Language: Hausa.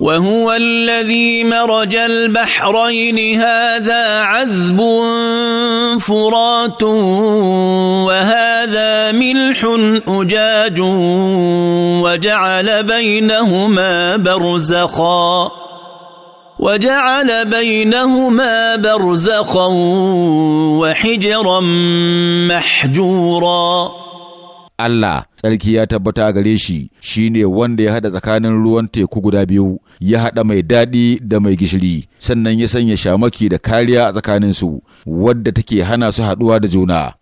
وهو الذي مرج البحرين هذا عذب فرات وهذا ملح اجاج وجعل بينهما برزخا وجعل بينهما برزخا وحجرا محجورا Allah tsarki ya tabbata gare shi shi ne wanda ya haɗa tsakanin ruwan teku guda biyu ya haɗa mai daɗi da mai gishiri sannan ya sanya shamaki da kariya a tsakaninsu wadda take hana su haɗuwa da juna